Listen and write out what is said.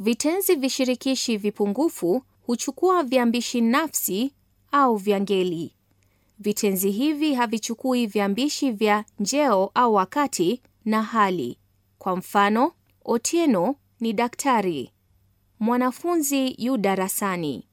Vitenzi vishirikishi vipungufu huchukua viambishi nafsi au vyangeli Vitenzi hivi havichukui viambishi vya njeo au wakati na hali. Kwa mfano, Otieno ni daktari. Mwanafunzi yu darasani.